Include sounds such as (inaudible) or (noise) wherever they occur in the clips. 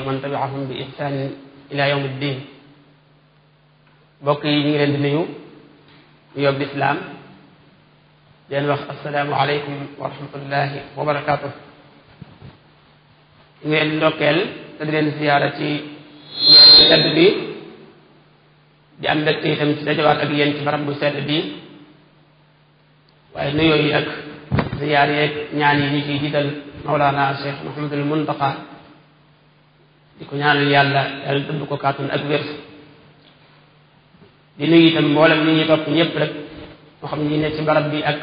wa man tabiahum bi ihsanin ila yawmi ddin mbokk yi ñu ngi leen di nuyu yób lislaam di leen wax asalaamu aleykum wa rahmatullahi wa barakaatu ñu ngi leen ndokkeel te di leen ziyaara ci sedd bi di am mbégte itam ci dajawaat ak yéen ci barab bu sedd bi waaye nuyoo yi ak ziyaar yeeg ñaan yi ñu ciy jiital Mawlaana Cheikh Mouhamadul Muntaqa di ko ñaanal yàlla yàlla dund ko kàttan ak wér di nuyu itam mboolem ñi ñuy topp ñëpp rek moo xam ñi ne ci barab bi ak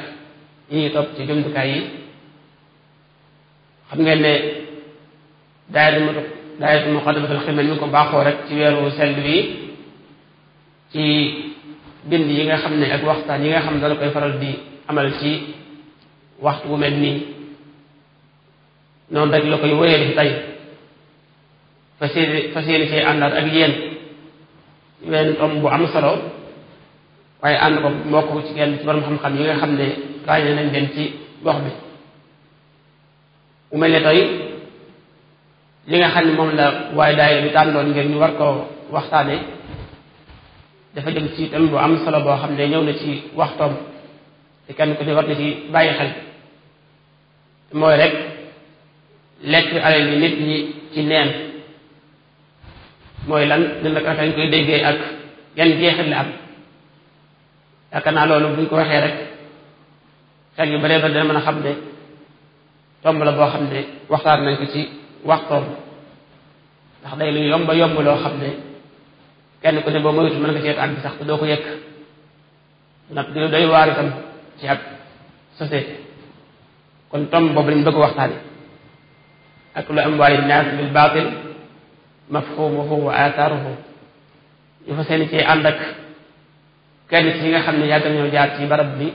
ñu ñuy topp ci jumtukaay yi xam ngeen ne daayatu mu daayatu Muxaddamatul Xidma mi ko baaxoo rek ci weeru sell bi ci bind yi nga xam ne ak waxtaan yi nga xam ne dana koy faral di amal ci waxtu bu mel nii noonu rek la koy wéyal ci tey fas yéene fas yéene cee àndaat ak yéen wenn tomb bu am solo waaye ànd ko moo ci genn ci borom xam-xam yi nga xam ne ràññee nañ leen ci gox bi mu mel ne tey li nga xam ne moom la waaye daayira bi tàndoon ngir ñu war koo waxtaane dafa jëm ci tam bu am solo boo xam ne ñëw na ci waxtoom te kenn ku ne war na ci bàyyi xel mooy rek lekk alal yi nit ñi ci neen mooy lan nan la ko waxee koy déggee ak yan jeexit la am yaakaar naa loolu buñ ko waxee rek xel yu baree bari dana mën a xam ne tomb la boo xam ne waxtaan nañ ko ci waxtoom ndax day lu yomba yomb loo xam ne kenn ku ne boo moytu mën nga cee àgg sax te doo ko yëkk nag di doy waar itam ci ab société kon tomb boobu lañ bëgg waxtaan ak lu am waaye naas bil baatil mafhumuhu wa athaaruhu ñu fa seeni ci ànd ak kenn ci nga xam ne yàgg nañoo jaar ci barab bi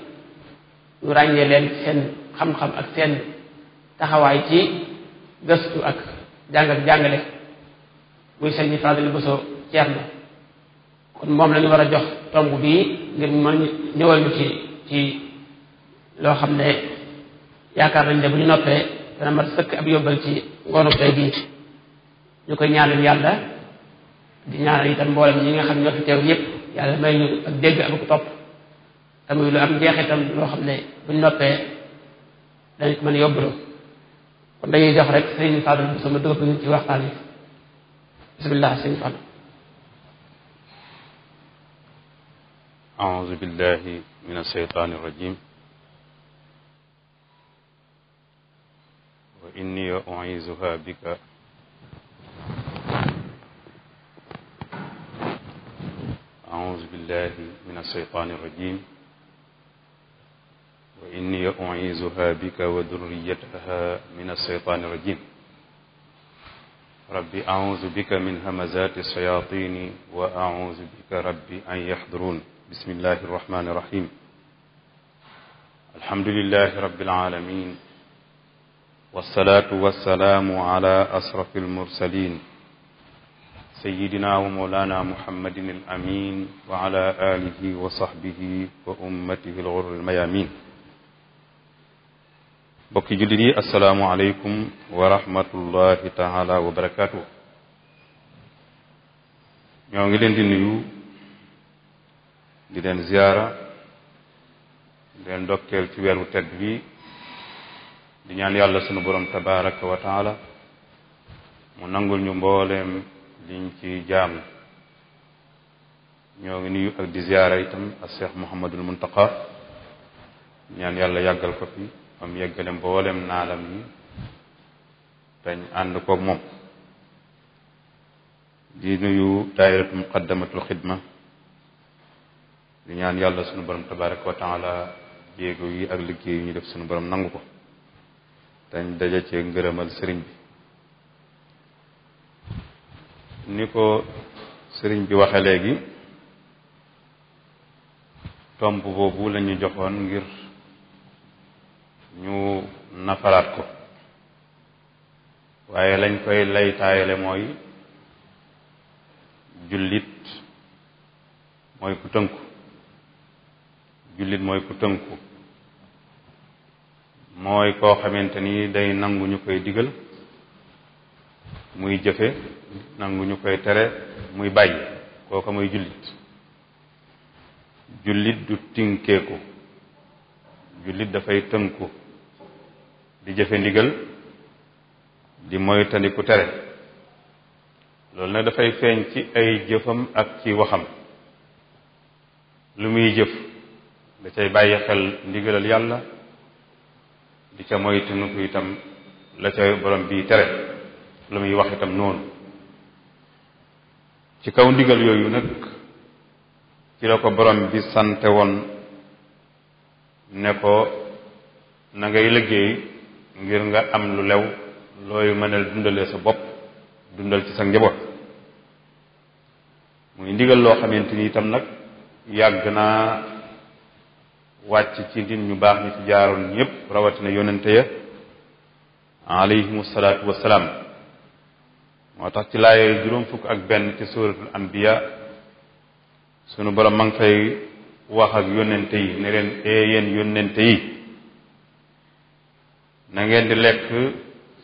ñu ràññee leen seen xam-xam ak seen taxawaay ci gëstu ak jàng jàngale muy sëñ Fadil Bousso Thierno kon moom lañu war a jox tomb bii ngir mën ñëwal ñu ci ci loo xam ne yaakaar nañ de bu ñu noppee dana mat sëkk ab yóbbal ci ngoonu tey bii ñu koy ñaanal yàlla di ñaanal itam mboolem ñi nga xam ñoo fi teew yépp yàlla may ñu ak dégg ak topp tamuy lu am njeexitam loo xam ne buñ noppee dañ ko mën a yóbbu kon dañuy jox rek sëriñ Fadal bu sama dugg ñu ci waxtaan yi bismillah sëriñ Fadal أعوذ بالله من الشيطان الرجيم وإني أعيذها بك billahi min alsheytaan irrajim wa inni uizuha bika wa durriyataha min alsheytaan irrajim rabbi auzu bika min hamazati alshayatini wa auzu bika rabbi an yaxduruun bismillahi arrahmani irrahim alhamdulilahi rabbil alamin wasalaatu wasalaamu ala asrafi almursalin سيدنا ومولانا محمد الأمين وعلى آله وصحبه وأمته الغر الميامين bokki jullit yi asalaamualeykum wa rahmatullahi taala wa barakaatu ñoo ngi leen di nuyu di leen ziyaara di leen dokkeel ci weeru tedd bi di ñaan yàlla sunu borom tabaraka wa taala mu nangul ñu mbooleem liñ ci jaam ñoo ngi nuyu ak di ziyaara itam ak Cheikh Mouhamadul Muntaqa ñaan yàlla yàggal ko fi am yàggale mboolem naalam yi dañ ànd ko moom di nuyu daayiratu muqaddamatul xidma di ñaan yàlla sunu borom tabaraka wa taala jéego yi ak liggéey yi ñu def sunu borom nangu ko dañ daja cee ngërëmal sëriñ bi ni ko sëriñ bi waxe léegi tomb boobu lañu ñu joxoon ngir ñu nafaraat ko waaye lañ koy laytaayale mooy jullit mooy ku tënku jullit mooy ku tënku mooy koo xamante ni day nangu ñu koy digal muy jëfe nangu ñu koy tere muy bàyyi kooka muy jullit jullit du tinkeeku jullit dafay tënku di jëfe ndigal di moytandiku tere loolu nag dafay feeñ ci ay jëfam ak ci waxam lu muy jëf da cay bàyyi xel ndigalal yàlla di ca moytandiku itam la ca borom bii tere la muy wax itam noonu ci kaw ndigal yooyu nag ci la ko borom bi sante woon ne ko na ngay liggéey ngir nga am lu lew looy mënal dundale sa bopp dundal ci sa njaboot muy ndigal loo xamante ni nag yàgg naa wàcc ci nit ñu baax ñi ci jaaroon ñépp rawatina yonente ya alayhimu salaatu wassalaam moo tax ci laay juróom fukk ak benn ci suuratul anbiya sunu borom ma ngi fay wax ak yónnente yi ne leen ee yéen yónnente yi na ngeen di lekk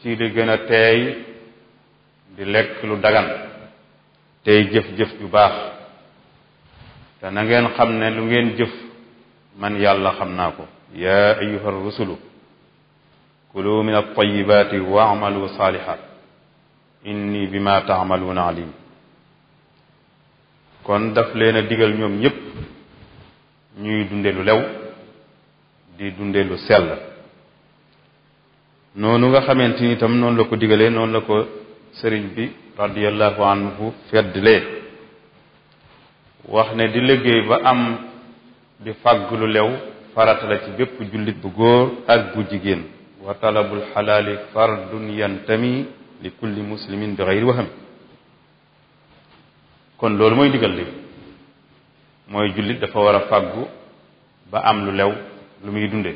ci li gën a teey di lekk lu dagan tey jëf-jëf ju baax te na ngeen xam ne lu ngeen jëf man yàlla xam naa ko yaa ayuha rusulu kulu min altayibaati wa amalu saalihat inni bi ma taamaluuna alim kon daf leen digal ñoom ñépp ñuy dunde lu lew di dunde lu sell noonu nga xamante ni itam noonu la ko digalee noonu la ko sëriñ bi radiallahu anhu feddlee wax ne di liggéey ba am di fàgg lu lew farata la ci bépp jullit bu góor ak bu jigéen wa talabul xalaali fardun yantami li kulli muslimin bi xayri waxam kon loolu mooy ndigal li mooy jullit dafa war a fàggu ba am lu lew lu muy dunde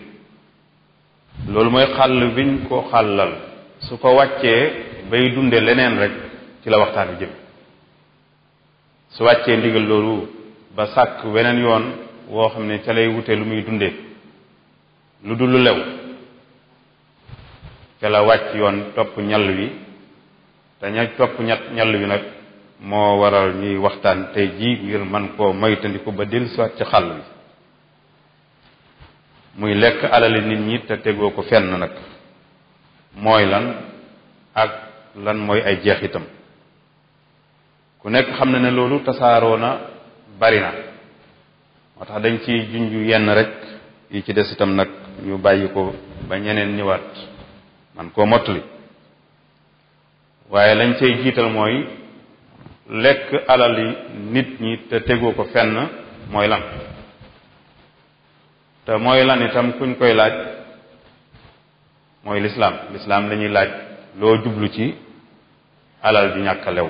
loolu mooy xàll biñ koo xàllal su ko wàccee bay dunde leneen rek ci la waxtaan bi jëm su wàccee ndigal loolu ba sàkk weneen yoon woo xam ne ca lay wute lu muy dunde lu dul lu lew ca la wàcc yoon topp ñal wi te ña topp ñett ñal bi nag moo waral ñuy waxtaan tey jii ngir man koo moytandiku ba dellusiwaat ci xàll bi muy lekk alali nit ñi te tegoo ko fenn nag mooy lan ak lan mooy ay jeexitam ku nekk xam na ne loolu tasaaroo na bari na moo tax dañ ci junju yenn rek yi ci des itam nag ñu bàyyi ko ba ñeneen ñëwaat man koo mottali waaye lañ cay jiital mooy lekk alal yi nit ñi te tegu ko fenn mooy lan te mooy lan itam kuñ koy laaj mooy lislaam lislaam la ñuy laaj loo jublu ci alal ju ñàkk lew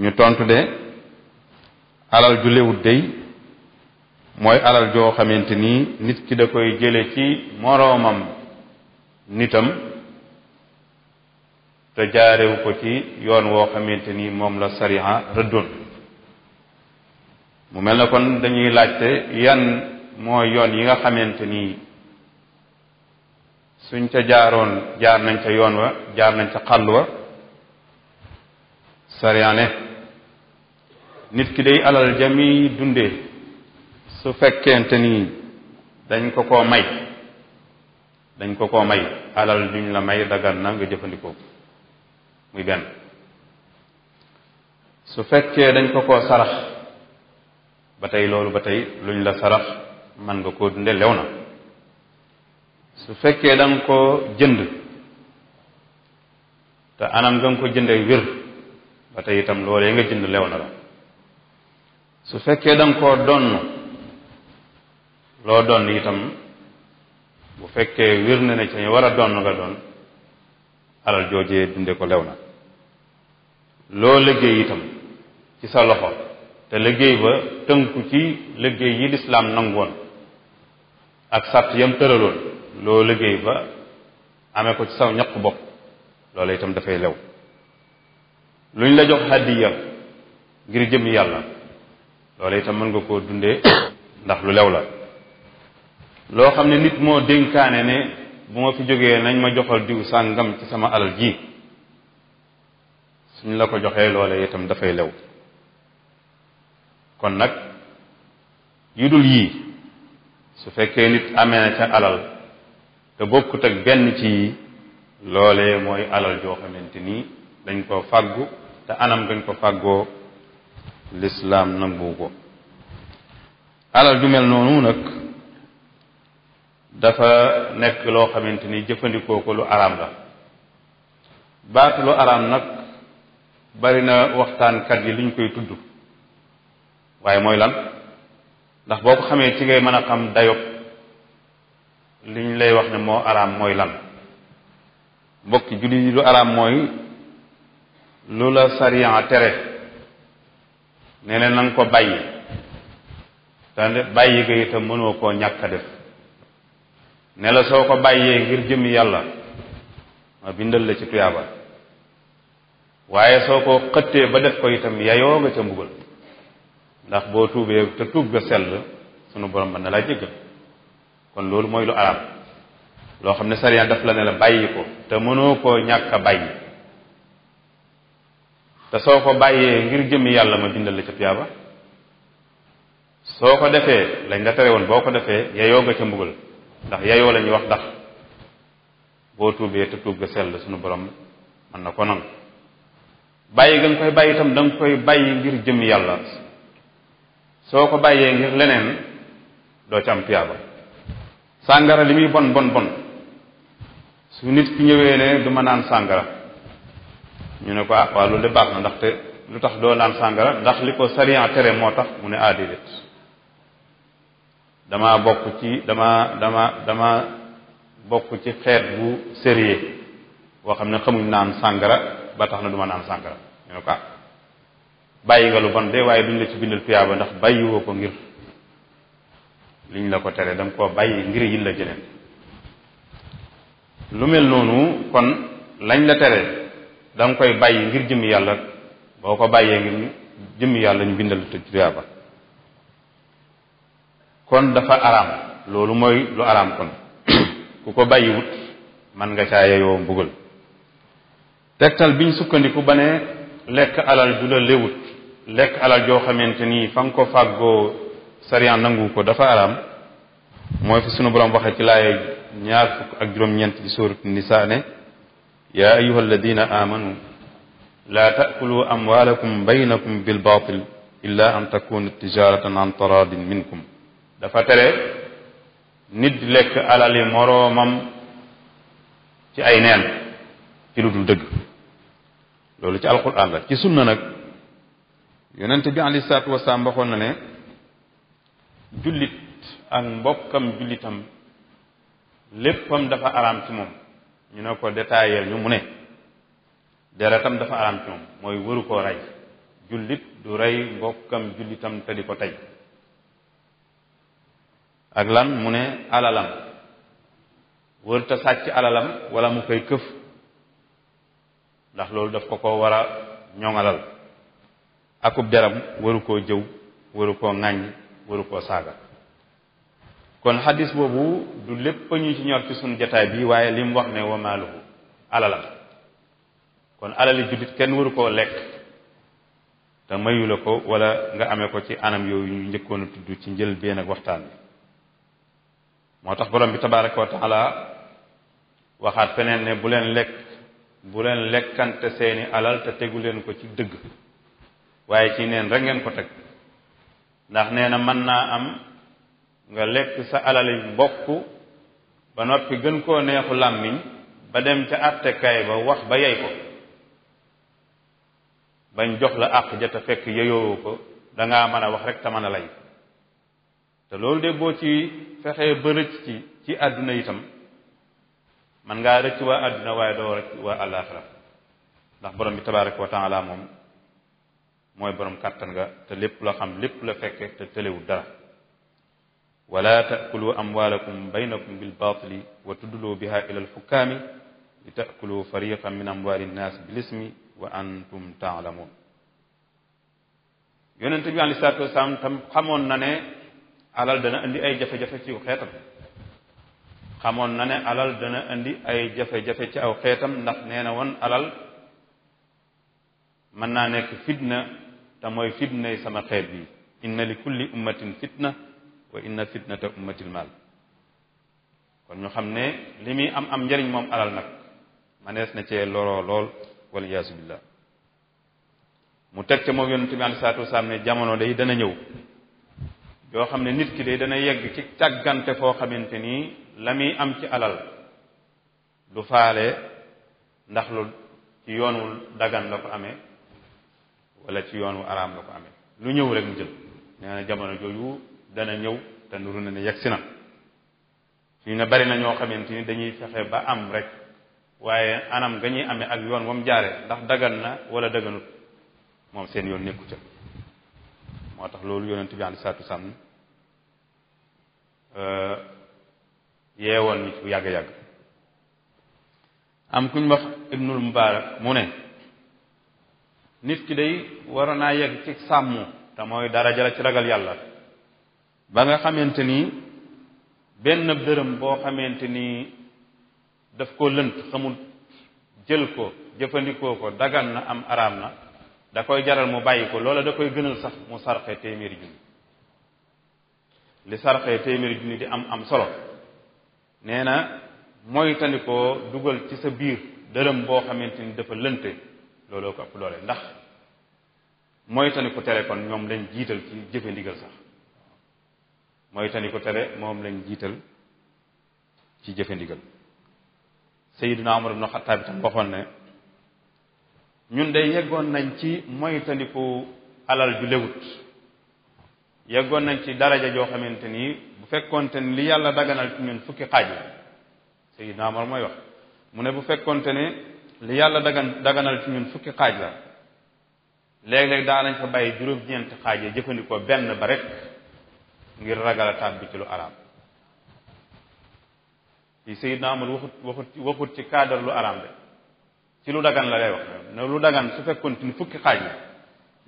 ñu tontu de alal ju lewut dey mooy alal joo xamante nii nit ki da koy jële ci moroomam nitam te jaarewu ko ci yoon woo xamante ni moom la sariya rëddoon mu mel na kon dañuy laajte yan mooy yoon yi nga xamante nii suñ ca jaaroon jaar nañ ca yoon wa jaar nañ ca xàll wa sariya ne nit ki day alal jami dundee su fekkente ni dañ ko ko may dañ ko ko may alal juñ la may dagan na nga jëfandikoo muy benn su fekkee dañ ko koo sarax ba tey loolu ba tey luñ la sarax man nga koo dunde lew na su fekkee da koo jënd te anam nga nga ko jëndee wér ba tey itam loolee nga jënd lew na la su fekkee da nga koo donn loo donn itam bu fekkee wér na ne ca ñu war a donn nga doon alal joojee dunde ko lew na loo liggéey itam ci sa loxo te liggéey ba tënku ci liggéey yi lislaam nangoon ak sàtt yam tëraloon loo liggéey ba amee ko ci saw ñaq bopp loola yitam dafay lew luñ la jox hadiya ngir jëm yàlla loola itam mën nga koo dunde ndax lu lew la loo xam ne nit moo dénkaane ne bu ma fi jógee nañ ma joxal diw sàngam ci sama alal ji suñ la ko joxee loole itam dafay lew kon nag yu dul yii su fekkee nit amee na ca alal te bokkut ak benn ci yi loolee mooy alal joo xamante ni dañ koo fàggu te anam dañ koo fàggoo lislaam nangu ko alal ju mel noonu nag dafa nekk loo xamante ni jëfandikoo ko lu araam la baatu lu araam nag bari na waxtaankat yi liñ koy tudd waaye mooy lan ndax boo ko xamee ci ngay mën a xam dayob liñ lay wax ne moo araam mooy lan mbokki jullit yi lu araam mooy lu la sariya tere ne na nga ko bàyyi te bàyyi ga itam mënoo koo ñàkk def ne la soo ko bàyyee ngir jëmmi yàlla ma bindal la ci tuyaaba waaye soo ko xëttee ba def ko itam yayoo nga ca mbugal ndax boo tuubee te tuub ga sell sunu borom mën na laa jéggal kon loolu mooy lu arab loo xam ne sariya daf la ne la bàyyi ko te mënoo koo ñàkk a bàyyi te soo ko bàyyee ngir jëmmi yàlla ma bindal la ca tuyaaba soo ko defee lañ la tere woon boo ko defee yayoo nga ca mbugal ndax yayoo la ñuy wax ndax boo tuubee te tuub ga sell suñu borom mën na ko nangu bàyyi ga nga koy bàyyi itam da koy bàyyi ngir jëm yàlla soo ko bàyyee ngir leneen doo ci am tuyaaba sàngara li muy bon bon bon su nit ki ñëwee ne du ma naan sàngara ñu ne ko ah waa loolu de baax na ndaxte lu tax doo naan sàngara ndax li ko sariya tere moo tax mu ne ah dama bokk ci dama dama dama bokk ci xeet bu sérieux boo xam ne xamuñ naan sàngara ba tax na du ma naan sàngara ñu ne ko ah, bàyyi nga lu bon de waaye duñ la ci bindal tuyaaba ndax bàyyiwoo ko ngir liñ la ko tere danga koo bàyyi ngir yilla jëleen lu mel noonu kon lañ la tere danga koy bàyyi ngir jëmmi yàlla boo ko bàyyee ngir jëm yàlla ñu bindal tuyaaba kon dafa araam loolu mooy lu araam kon (coughs) ku ko bàyyiwut man nga caa yeyoo mbugal tegtal biñ sukkandiku ba ne lekk alal ju la lekk alal joo xamante ni fa nga ko fàggoo sariyaan nangu ko dafa araam mooy fi sunu borom waxee ci laay ñaar fukk ak juróom-ñeent ci suurat nisaa ne yaa ayuha amanu laa taakulu amwaalakum baynakum bil baatil illa an takuna tijaratan an minkum dafa tere nit di lekk alali moroomam ci ay neen ci lu dul dëgg loolu ci alquran la ci sunna nag yonent bi alei salaatu wasalaam na ne jullit ak mbokkam jullitam léppam dafa araam ci moom ñu ne ko détaillé ñu mu ne deretam dafa araam ci moom mooy waru ko rey jullit du rey mbokkam jullitam te di ko tey ak lan mu ne alalam wërta sàcc alalam wala mu koy këf ndax loolu daf ko ko wara a ñoŋalal akub deram waru koo jëw waru koo ŋàññ waru koo saaga kon xadis boobu du lépp ñu ci ñor ci sunu jataay bi waaye li wax ne wa maaluhu alalam kon alali juddit kenn waru koo lekk te mayu ko wala nga amee ko ci anam yooyu ñu njëkkoon a tudd ci njëlbéen ak waxtaan bi moo tax borom bi tabaraka wa taala waxaat feneen ne bu leen lekk bu leen lekkante seeni alal te tegu leen ko ci dëgg waaye ci neen rek ngeen ko teg ndax nee na mën naa am nga lekk sa alal yi mbokk ba noppi gën koo neexu làmmiñ ba dem ca àttekaay ba wax ba yey ko bañ jox la àq ja te fekk yeyoo ko dangaa mën a wax rek te mën a lay ta loolu de boo ci fexee ba rëcc ci ci àdduna itam man ngaa rëcc waa àdduna waaye doo rëcc waa àllaaxira ndax borom bi tabaaraka wa taala moom mooy borom kàttan ga te lépp la xam lépp la fekke te tëlewul dara wala taakulu amwaalakum baynakum bil baatili wa tudduloo biha ila alxukkaami li taakulu fariqan min amwaali nnaas bilismi wa antum taalamuun yonente bi alei salaatu wasalaam tam xamoon na ne alal dana indi ay jafe-jafe ci xamoon na ne alal dana indi ay jafe-jafe ci aw xeetam ndax nee woon alal mën naa nekk fitna te mooy fitnay sama xeet bi inna li kulli ummatin fitna wa inna fitnata ummatil mal kon ñu xam ne li muy am am njariñ moom alal nag manees na cee loroo lool waliyaasu billah mu teg ca moom yonente bi alei salatu ne jamono day dana ñëw yoo xam ne nit ki de dana yegg ci càggante foo xamante ni la muy am ci alal du faale ndax lu ci yoonu dagan la ko amee wala ci yoonu araam la ko amee lu ñëw rek mu jël nee jamono jooju dana ñëw te nuru na ne yegg si na suñu ne bari na ñoo xamante ni dañuy fexe ba am rek waaye anam nga ñuy amee ak yoon wam jaare ndax dagan na wala daganut moom seen yoon nekku ca moo tax loolu yonent bi aleyhi salaatu wasalaam euh, yeewoon ñu ci yàgg-yàgg am kuñ ñu wax ibnul mubaarak mu ne nit ki day waroon naa yegg ci sàmm te mooy daraja la ci ragal yàlla ba nga xamante ni benn dërëm boo xamante ni daf ko lënt xamul jël ko jëfandikoo ko dagan na am araam na da koy jaral mu bàyyi ko loola da koy gënal sax mu sarxee téeméeri junni li sarxee téeméeri junni di am am solo nee na mooy tandikoo dugal ci sa biir dërëm boo xamante dafa lënte looloo ko ëpp doole ndax mooy tandiku tere kon ñoom lañ jiital ci jëfe ndigal sax mooy tandiku tere moom lañ jiital ci jëfe ndigal Seydina Umar ibn Xattaab itam waxoon ne ñun de yeggoon nañ ci moytandiku alal ju lewut yeggoon nañ ci daraja joo xamante ni bu fekkoonte ni li yàlla daganal ñun fukki xaaj la Seydina Omar mu ne bu fekkoonte ne li yàlla dagan daganal ci ñun fukki xaaj la léeg-léeg daa nañ fa bàyyi juróom-ñeenti xaaj yi jëfandikoo benn ba rek ngir ragal a tàbbi ci lu araam yi Seydina Omar waxut waxut ci cadre lu araam de ci lu dagan la lay wax ne lu dagan su fekkoon ni fukki xaaj la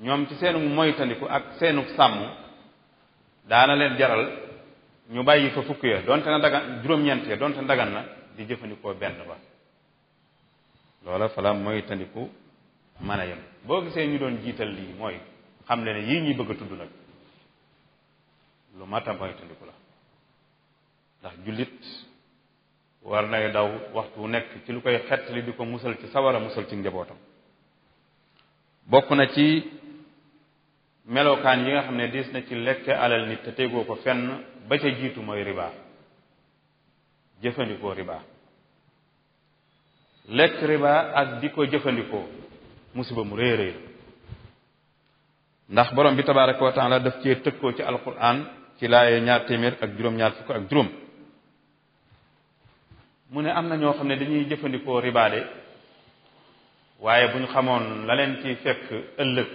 ñoom ci seenu moytandiku ak seenu sàmm daana leen jaral ñu bàyyi fa fukk ya donte na dagan juróom-ñeent ya donte na dagan na di jëfandikoo benn ba loola fa moytandiku mën a yem boo gisee ñu doon jiital lii mooy xam le ne yii ñuy bëgg a tudd nag lu mat moytandiku la ndax jullit war nay daw waxtu nekk ci lu koy xettali di ko musal ci sawara musal ci njabootam bokk na ci melokaan yi nga xam ne diis na ci lekke alal nit te tegoo ko fenn ba ca jiitu mooy riba jëfandikoo riba lekk riba ak di ko jëfandikoo musiba mu réy réy ndax borom bi tabaraka wa taala daf cee tëkkoo ci alquran ci laaye ñaar téeméer ak juróom-ñaar fukk ak juróom mu ne am na ñoo xam ne dañuy jëfandikoo ribaade waaye bu ñu xamoon la leen ci fekk ëllëg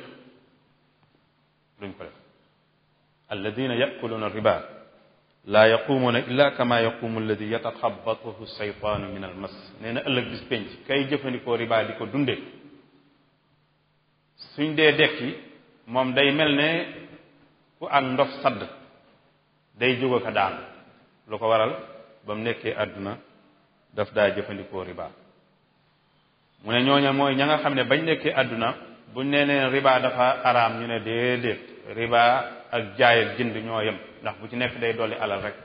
duñ ko def alladina yakuluuna riba laa yaqumuuna illa kama yaqumu alladi yataxabatuhu saytaanu min almas nee na ëllëg bis penc kay jëfandikoo riba di ko dunde suñ dee dekki moom day mel ne ku ak ndof sadd day jóg ak a daan lu ko waral ba mu nekkee àdduna daf daa jëfandikoo riba mu ne ñooña mooy ña nga xam ne bañ nekkee àdduna buñ nee neen riba dafa araam ñu ne déedéet riba ak jaay ak ñoo yem ndax bu ci nekk day dolli alal rek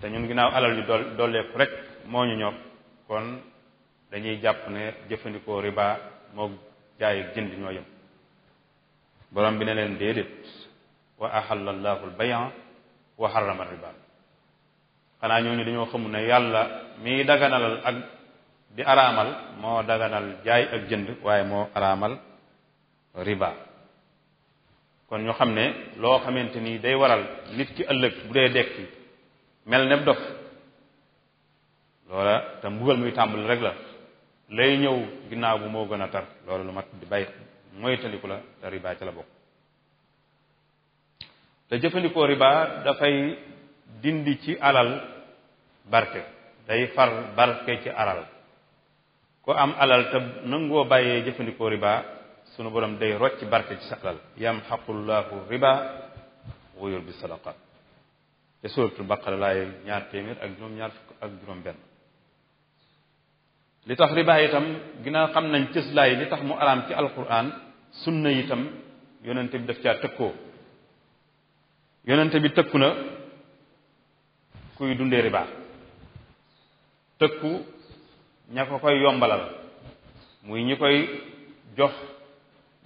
te ñun ginnaaw alal yu dool dolleeku rek moo ñu ñor kon dañuy jàpp ne jëfandikoo riba moo jaay ak jënd ñoo yem borom bi ne leen déedéet wa axalla allahu wa xarama riba xanaa ñooñu dañoo xamul ne yàlla miy daganalal ak di araamal moo daganal jaay ak jënd waaye moo araamal riba kon ñu xam ne loo xamante ni day waral nit ki ëllëg bu dee dekki mel ne dof loola te mbugal muy tàmbali rek la lay ñëw ginnaaw bu moo gën a tar loolu lu mat di bàyyi moytaliku la te riba ci la bokk te jëfandikoo riba dafay dindi ci alal barke day far barke ci alal ku am alal te nangoo bàyyee jëfandikoo riba sunu borom day rocc barke ci sa alal yamxaqullahu riba wa yurbi sadaqat te suratul baqara laay ñaar téeméer ak juróom-ñaar fukk ak juróom-benn li tax riba itam ginnaaw xam nañ cëslaay li tax mu araam ci alquran sunna itam yonente bi daf caa tëkkoo yonente bi tëkku kuy dundee riba tëkku ña ko koy yombalal muy ñi koy jox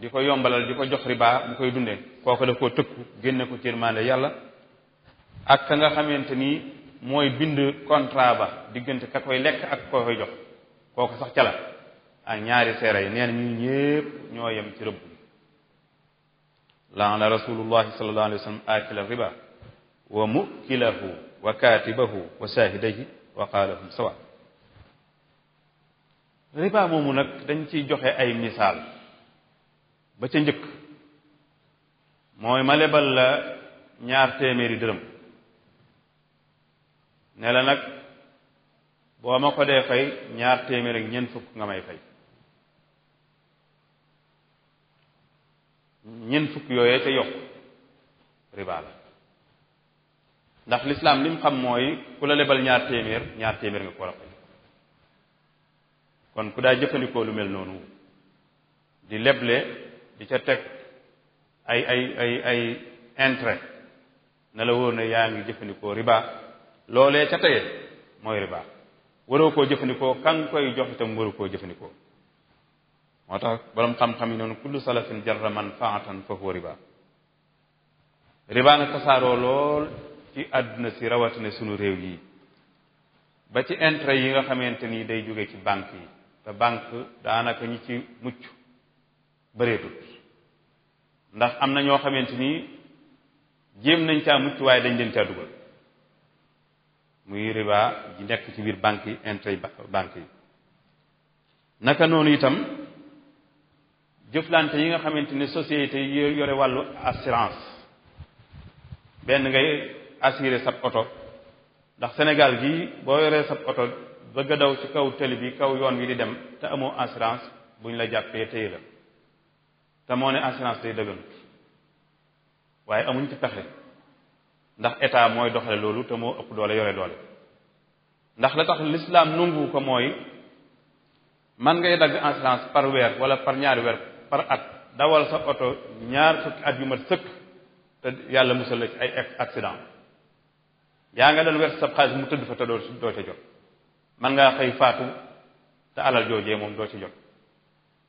di ko yombalal di ko jox riba mu koy dundee kooku daf koo tëkku génne ko ci yërmande yàlla ak ka nga xamante ni mooy bind contrat ba diggante ka koy lekk ak ko koy jox kooku sax ca la ñaari seere yi nee na ñu ñépp ñoo yem ci rëbb laana rasulullahi sallallahu alayhi wa sallam akila riba wa mukilahu wa kaatibahu wa shaahidayi wa qaalahum sawa riba moomu nag dañ ciy joxe ay misaal ba ca njëkk mooy ma lebal la ñaar téeméeri dërëm ne la nag boo ma ko dee fay ñaar téeméer ak ñeent fukk nga may fay ñeent fukk yooyee ca yokk riba la ndax lislaam lim xam mooy ku la lebal ñaar téeméer ñaar téeméer nga ko war a fay kon ku daa jëfandikoo lu mel noonu di leble di ca teg ay ay ay ay intérêt na la wóor ne yaa ngi jëfandikoo riba loolee ca tege mooy riba waroo koo jëfandikoo kan koy jox itam waroo koo jëfandikoo moo tax boroom xam-xam yi noonu kullu salafin jarra manfaatan fa huwa riba riba nag tasaaroo lool ci àdduna si rawatina sunu réew yi ba ci intérêt yi nga xamante ni day jóge ci banque yi te banque daanaka ñi ci mucc bëreetut ndax am na ñoo xamante ni jéem nañ caa mucc waaye dañ leen caa dugal muy riba ji nekk ci biir banque yi intérêt banque yi naka noonu itam jëflante yi nga xamante ni société yi yore wàllu assurance benn ngay assuré sab oto ndax Sénégal gii boo yoree sab oto bëgg a daw ci kaw tëli bi kaw yoon wi di dem te amoo assurance buñ la jàppee téye la te moo ne assurance day dëgën waaye amuñ ci pexe ndax état mooy doxale loolu te moo ëpp doole yore doole ndax la tax lislaam nungu ko mooy man ngay dagg assurance par weer wala par ñaari weer par at dawal sa oto ñaar fukki at yu mat sëkk yàlla musal la ci ay accident yaa nga doon werti sab xaalis mu tëdd fa te doo ca jot man ngaa xëy faatu te alal joojee moom doo ca jot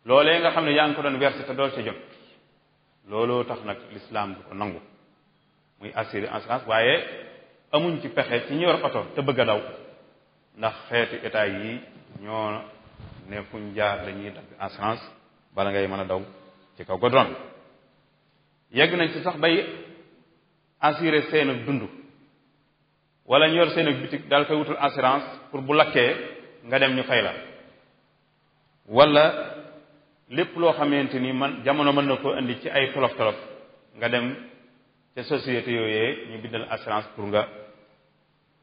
loole nga xam ne yaa ngi ko doon werti te doo ca jot looloo tax nag lislaam du ko nangu muy assurer assurance waaye amuñ ci pexe ci ñu yor oto te bëgg a daw ndax xeeti état yi ñoo ne fuñ jaar dañuy dagg assurance bala ngay mën ci kaw nañ ci sax bay assurer seen dund wala ñu yor seen ak bitig daal koy wutul assurance pour bu lakkee nga dem ñu fay la wala lépp loo xamante ni man jamono mën na koo indi ci ay tolof tolof nga dem ca société yooyee ñu bindal assurance pour nga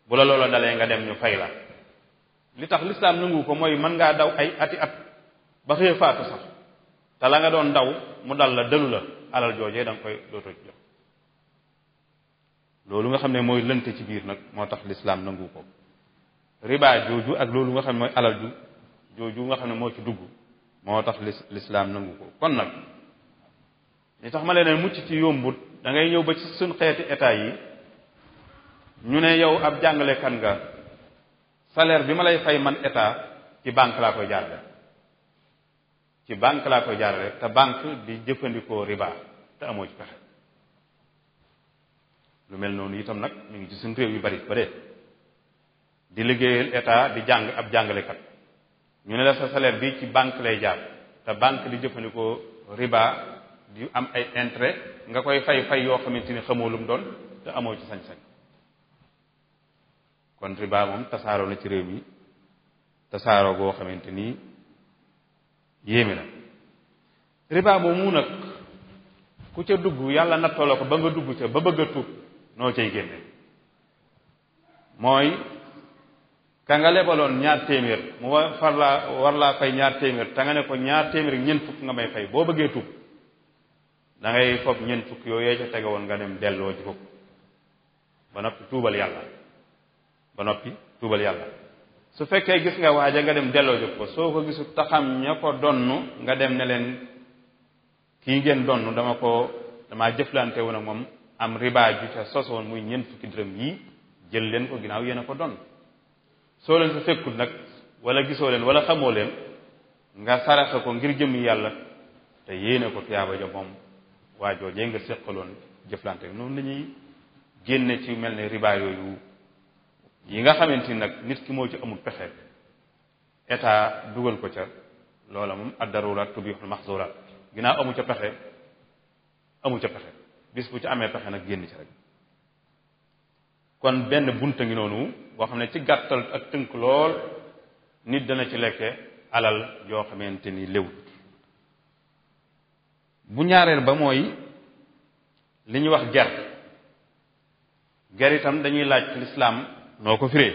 bu la loola nga dem ñu fay la li tax lislaam nangu ko mooy mën ngaa daw ay ati at ba xëy faatu sax te nga doon daw mu dal la dëlu la alal joojee da koy dootoo jox loolu nga xam ne mooy lënte ci biir nag moo tax lislaam nangu ko riba jooju ak loolu nga xam ne mooy alal ju jooju nga xam ne moo ci dugg moo tax lis lislaam nangu ko kon nag li tax ma leen mucc ci yombut da ngay ñëw ba ci suñ xeeti état yi ñu ne yow ab jàngalekan nga salaire bi ma lay fay man état ci banque laa koy jaarale ci banque laa koy jaarale te banque di jëfandikoo riba te amoo ci pexe lu mel noonu itam nag mu ngi ci suñ réew yu bari ba dee di liggéeyal état di jàng ab jàngalekat ñu ne la sa salaire bi ci banque lay jaar te banque di jëfandikoo riba di am ay intérêt nga koy fay fay yoo xamante ni xamoo lu doon te amoo ci sañ-sañ kon riba moom tasaaroo na ci réew mi tasaaroo goo xamante ni yéeme na riba moomu nag ku ca dugg yàlla nattoo la ko ba nga dugg ca ba bëgg a tuub noo cay génne mooy ka nga lebaloon ñaar téeméer mu war laa fay ñaar téeméer te ne ko ñaar téeméer ak fukk nga may fay boo bëggee tub da ngay foog ñeent fukk yooyu yee ca woon nga dem delloo ji ko ba noppi tuubal yàlla ba noppi tuubal yàlla su fekkee gis nga waaja nga dem delloo ji ko soo ko gisul taxam ña ko donnu nga dem ne leen ki ngeen donnu dama ko damaa jëflante woon moom am riba ju ca sosoon muy ñeent fukki dërëm yi jël leen ko ginnaaw yéen a ko doon soo leen fa fekkul nag wala gisoo leen wala xamoo leen nga saraxa ko ngir jëmmi yàlla te yéene ko tuyaaba ja moom waa joojee nga séqaloon jëflante noonu la ñuy génne ci mel ni riba yooyu yi nga xamante ni nag nit ki moo ci amul pexe état dugal ko ca loola moom ad darurat tubihul maxzura ginnaaw amu ca pexe amu ca pexe bis bu ci amee pexe nag génn ci rek kon benn bunta ngi noonu boo xam ne ci gàttal ak tënk lool nit dana ci lekke alal yoo xamante ni léwut bu ñaareel ba mooy li ñuy wax ger ger itam dañuy laaj lislaam noo ko firee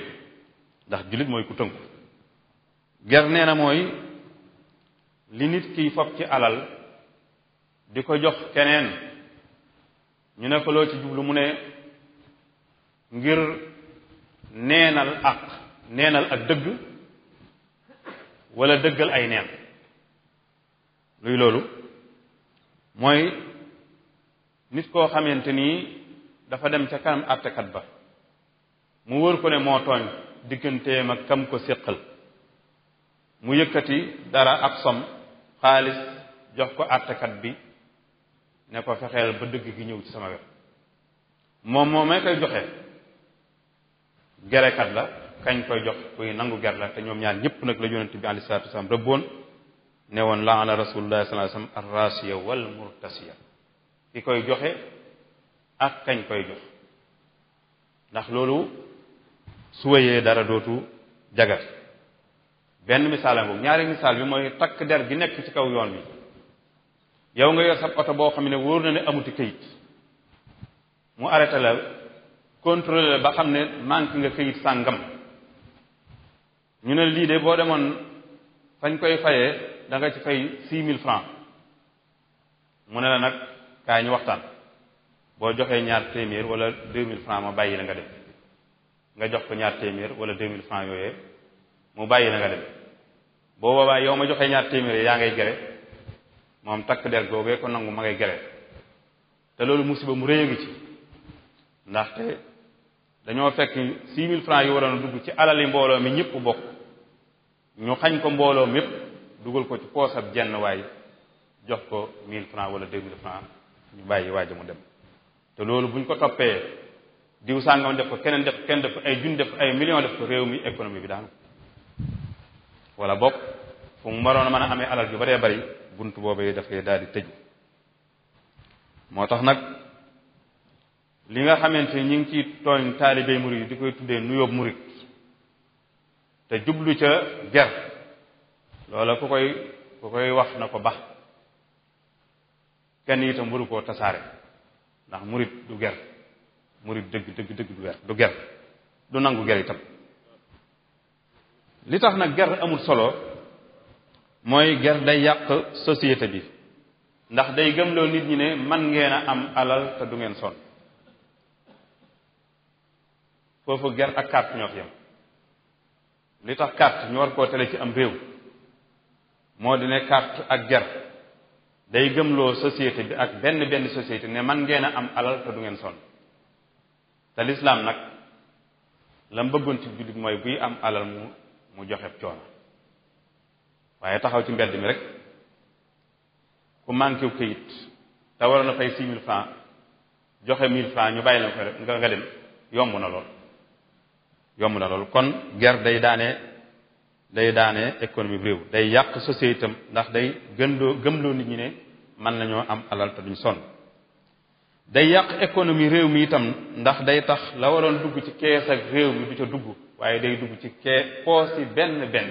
ndax jullit mooy ku tënku ger nee na mooy li nit kiy fob ci alal di ko jox keneen ñu ne ko loo ci jublu mu ne ngir neenal ak neenal ak dëgg walla dëggal ay neen luy loolu mooy nit koo xamante nii dafa dem ca kanam àttekat ba mu wër ko ne moo tooñ digganteem ak kam ko séqal mu yëkkati dara ab som xaalis jox ko àttekat bi ne ko fexeel ba dëgg gi ñëw ci sama wet moom moo may koy joxe gerekat la kañ koy jox kuy nangu ger la te ñoom ñaar ñëpp nag la yonent bi alei salatu wasalaam rëbboon ne woon la ala rasulullah sallallahu alayhi wasallam arrasiya wal murtasiya ki koy joxe ak kañ ndax loolu su wayee dara dootu jagat benn misaal boobu ñaari misaal bi mooy takk der gi nekk ci kaw yoon wi yow nga yor sa oto boo xam ne wóor na ne amuti këyit mu arrêté la contrôlé ba xam ne manque nga këyit sàngam ñu ne lii de boo demoon fañ koy fayee danga nga ci fay six mille francs mu ne la nag kaay ñu waxtaan boo joxee ñaar téeméer wala deux mille francs ma bàyyi la nga dem nga jox ko ñaar téeméer wala deux mille francs yooyee mu bàyyi la nga dem boo boobaa yow ma joxee ñaar téeméer yaa ngay gere moom takk der googee ko nangu ma ngay gere te loolu musiba mu rëy a ci ndaxte dañoo fekk six mille francs yi waroon a dugg ci alali mbooloo mi ñëpp bokk ñu xañ ko mbooloo mépp dugal ko ci poosab jenn waay jox ko mille francs wala deux mille francs ñu bàyyi waaja mu dem te loolu buñ ko toppee diw def ko keneen def kenn def ko ay jun def ay million def ko réew mi économie bi daanu wala bokk fu mu maroon a mën a amee alal ju baree bari bunt boobee dafay daal di tëju moo tax nag li nga xamante ni ñu ngi ciy tooñ taalibey murit yi di koy tuddee nuyoob murit te jublu ca ger loola ku koy ku koy wax na ko ba kenn itam waru koo tasaare ndax murit du ger murit dëgg dëgg dëgg du ger du ger du nangu ger itam li tax nag ger amul solo mooy ger day yàq société bi ndax day gëmloo nit ñi ne man ngeen am alal te du ngeen sonn foofu ger ak carte ñoo fi yam li tax carte ñu war koo tele ci am réew moo di ne carte ak ger day gëmloo société bi ak benn benn société ne man ngeen a am alal te du ngeen sonn te lislaam nag la mu bëggoon ci jullit mooy buy am alal mu mu joxe coono waaye taxaw ci mbedd mi rek ku manqué wu kayit te waroon a fay six mille francs joxe mille francs ñu bàyyi la ko rek nga dem yomb na lool yomb na lool kon ger day daane day daane économie réew day yàq société am ndax day gëm loo nit ñi ne mën nañoo am alal te duñ sonn day yàq économie réew mi itam ndax day tax la waroon dugg ci kees ak réew mi du ca dugg waaye day dugg ci kee poos yi benn benn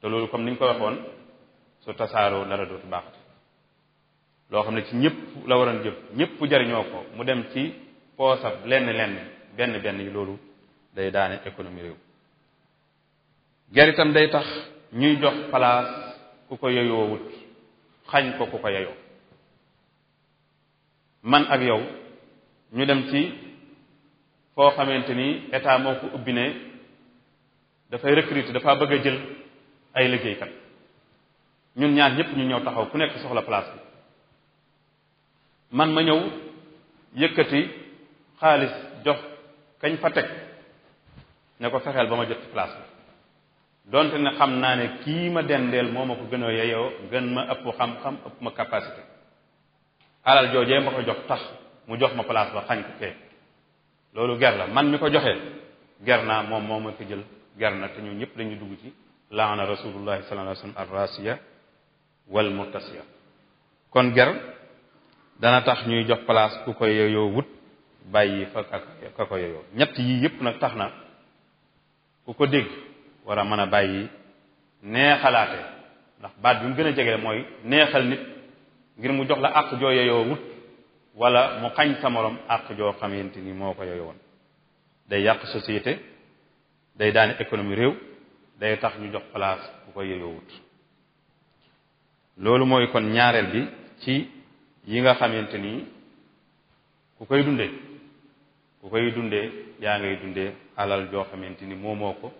te loolu comme ni ñu ko waxoon su tasaaroo dara dootu baaxati loo xam ne ci ñëpp la waroon jëm ñëpp jariñoo ko mu dem ci poosab lenn lenn benn benn yi loolu day daane économie réew ger itam day tax ñuy jox place ku ko yeyoowut xañ ko ku ko yeyoo man ak yow ñu dem ci foo xamante ni état moo ko ubbi ne dafay recruter dafa bëgg a jël ay liggéeykat ñun ñaar ñëpp ñu ñëw taxaw ku nekk soxla place bi man ma ñëw yëkkati xaalis jox kañ fa teg ne ko fexeel ba ma jot ci place bi donte ne xam naa ne kii ma dendeel moo ma ko gën a yeyoo gën ma ëpp xam-xam ëpp ma capacité alal joojee ma ko jox tax mu jox ma place ba xañ ko kee loolu ger la man mi ko joxee ger naa moom moo ma ko jël ger na te ñun ñëpp lañuy dugg ci laana rasulullahi sallallahu alayhi wa sallam arrasiya wal murtasiya kon ger dana tax ñuy jox place ku ko yeyoo wut bàyyi fa ka ko yeyoo ñett yii yépp nag tax na ku ko dégg war a mën a bàyyi neexalaate ndax baat bi mu gën a jegele mooy neexal nit ngir mu jox la àq joo yeyoo wut wala mu xañ sa morom àq joo xamante ni moo ko yeyoo woon day yàq société day daani économie réew day tax ñu jox place bu ko yeyoowut loolu mooy kon ñaareel bi ci yi nga xamante ni ku koy dundee ku koy dundee yaa ngay dundee alal joo xamante ni moomoo ko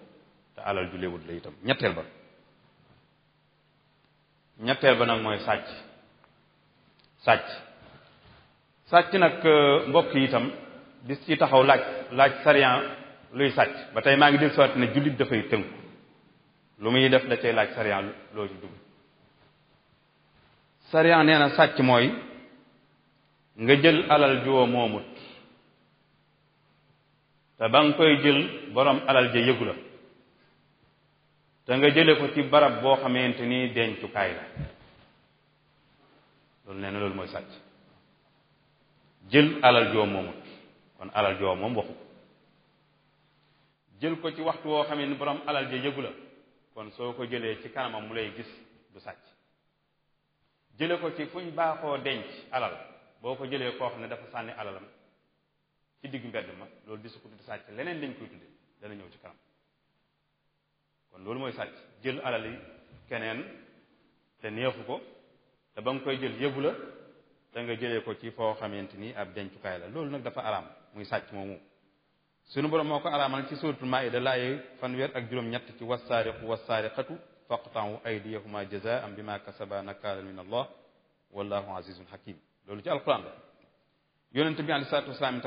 te alal ju léwut la itam ñetteel ba ñetteel ba nag mooy sàcc sàcc sàcc nag euh, mbokk yi itam di ci taxaw laaj laaj sariyan luy sàcc ba tey maa ngi del siwaat ne jullit dafay tënku lu muy def da cay laaj sariya loo ci dugg sariya nee na sàcc mooy nga jël alal juwoo moomut te ba nga koy jël boroom alal ja yëgu la nga jële ko ci barab boo xamante ni dencukaay la loolu nee na loolu mooy sàcc jël alal joo moomut kon alal joo moom waxu jël ko ci waxtu woo xamee ni borom alal ja yëgu kon soo ko jëlee ci kanamam mu lay gis du sàcc jële ko ci fuñ baaxoo denc alal boo ko jëlee koo xam ne dafa sànni alalam ci digg mbedd ma loolu di su ko sàcc leneen lañ koy tudde dana ñëw ci kanam kon loolu mooy sàcc jël alal yi keneen te neexu ko te ba nga koy jël yëgu la te nga jëlee ko ci foo xamante ni ab dencukaay la loolu nag dafa araam muy sàcc moomu sunu borom moo ko araamal ci suratul maida laaye fanweer ak juróom-ñett ci wassaariqu wassaariqatu faqtau aydiyahuma jazaan bima kasaba nakaalan min allah wallahu azizun hakim loolu ci alquran la yonente bi alei salatu wasalaam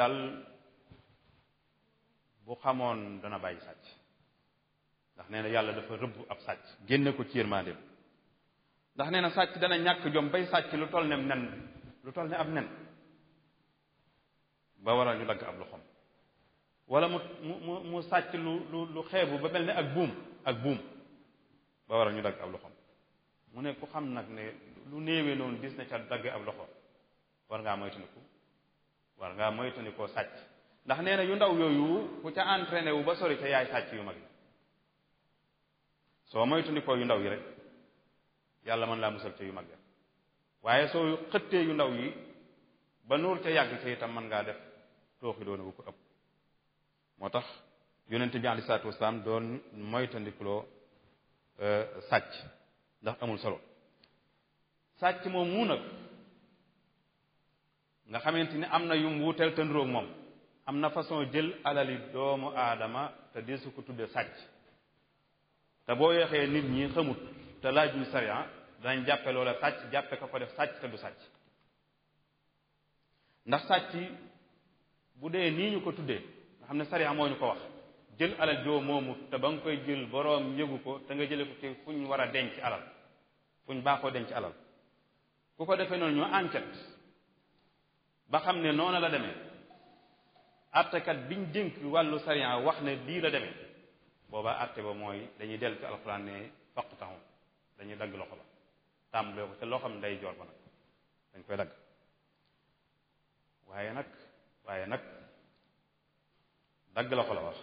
daal bu xamoon dana bàyyi sàcc ndax nee yàlla dafa rëbb ab sàcc génne ko ci yërmaandeem ndax nee na sàcc dana ñàkk jom bay sàcc lu toll ne am nen ba waral ñu dagg ab loxoom wala mu mu mu sàcc lu lu lu xeebu ba mel ne ak buum ak buum ba waral ñu dagg ab loxoom mu ne ku xam nag ne lu néewee noonu gis na ca dagg ab loxo war ngaa moytandiku war ngaa moytandikoo sàcc ndax nee na yu ndaw yooyu ku ca entraîné wu ba sori ca yaay sàcc yu mag yi soo moytandikoo yu ndaw yi rek yàlla mën laa musal ca yu mag ya waaye soo xëttee yu ndaw yi ba nuur ca yàgg ca itam mën ngaa def tooxi doona wu ko ëpp moo tax yonente bi alei salatu wasalaam doon moytandikuloo euh, sàcc ndax amul solo sàcc moom mu nag nga xamante ni am na yum wuuteel te niroog moom am na façon jël alali doomu aadama te deesu ko tudde sàcc te boo yeexee nit ñi xamut te laajul sariya danañ jàppe loola sàcc jàppe ka ko def te du sàcc ndax sàcc bu dee nii ñu ko tuddee nga xam ne sariya moo ñu ko wax jël alal joo moomu te ba nga koy jël boroom yëgu ko te nga jële ko ci fu ñu war a denc alal fu ñu baaxoo denc alal ku ko defee noonu ñu enquête ba xam ne noona la demee àttekat biñ dénk wàllu sariya wax ne lii la demee booba àtte ba mooy dañuy dellu ci alxuraan ne faq taxum dañuy dagg loxo ba tàmbalee ko te loo xam ne day joor ba nag dañ koy dagg waaye nag waaye nag dagg la ko la wax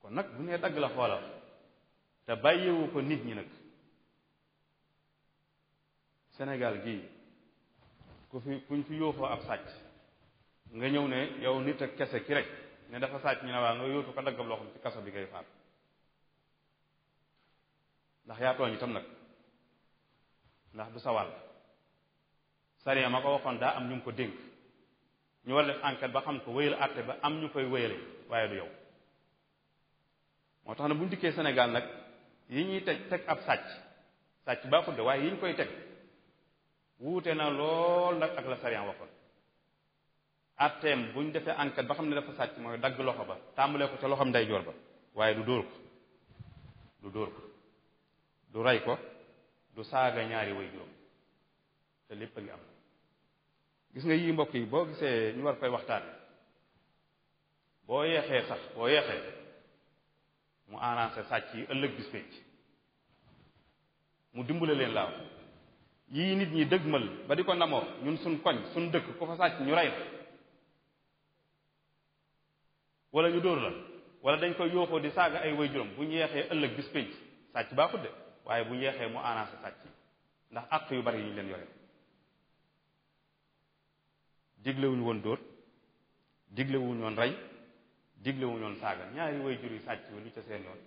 kon nag bu nee dagg la ko la te bàyyiwu ko nit ñi nag senegal gii ku fi kuñ fi yóofoo ab sàcc nga ñëw ne yow nit ak kese ki rek ne dafa sàcc ñu ne waa nga yóotu ko daggab loxoom ci kaso bi koy faat ndax yaa tooñ itam nag ndax du sawal sariya ma ko waxoon daa am ñu ngi ko dénk ñu war def enquête ba xam ko wéyal àtte ba am ñu koy wéyale waaye du yow moo tax na bu ñu dikkee Sénégal nag yi ñuy teg teg ab sàcc sàcc baaxul de waaye yi ñu koy teg wuute na lool nag ak la sariyan waxoon àtteem bu ñu defee enquête ba xam ne dafa sàcc mooy dagg loxo ba tàmbalee ko ca loxoom ndeyjoor ba waaye du dóor ko du dóor ko du rey ko du saaga ñaari way juróom te lépp a ngi am gis nga yii mbokk yi boo gisee ñu war koy waxtaan boo yeexee sax boo yeexee mu arrangé sàcc yi ëllëg bis pénc mu dimbale leen laaw yii nit ñi dëgmal ba di ko namoo ñun suñ koñ suñ dëkk ku fa sàcc ñu rey la wala ñu dóor la wala dañ koy yooxoo di saaga ay way juróom bu ñu yeexee ëllëg bis pénc sàcc baaxut de waaye bu ñu yeexee mu arrangé sàcc yi ndax àq yu bari yi ñu leen yore diglewuñu woon dóor diglewuñu woon rey diglewuñu woon saaga ñaari way jur yi sàcc lu ca seen yoon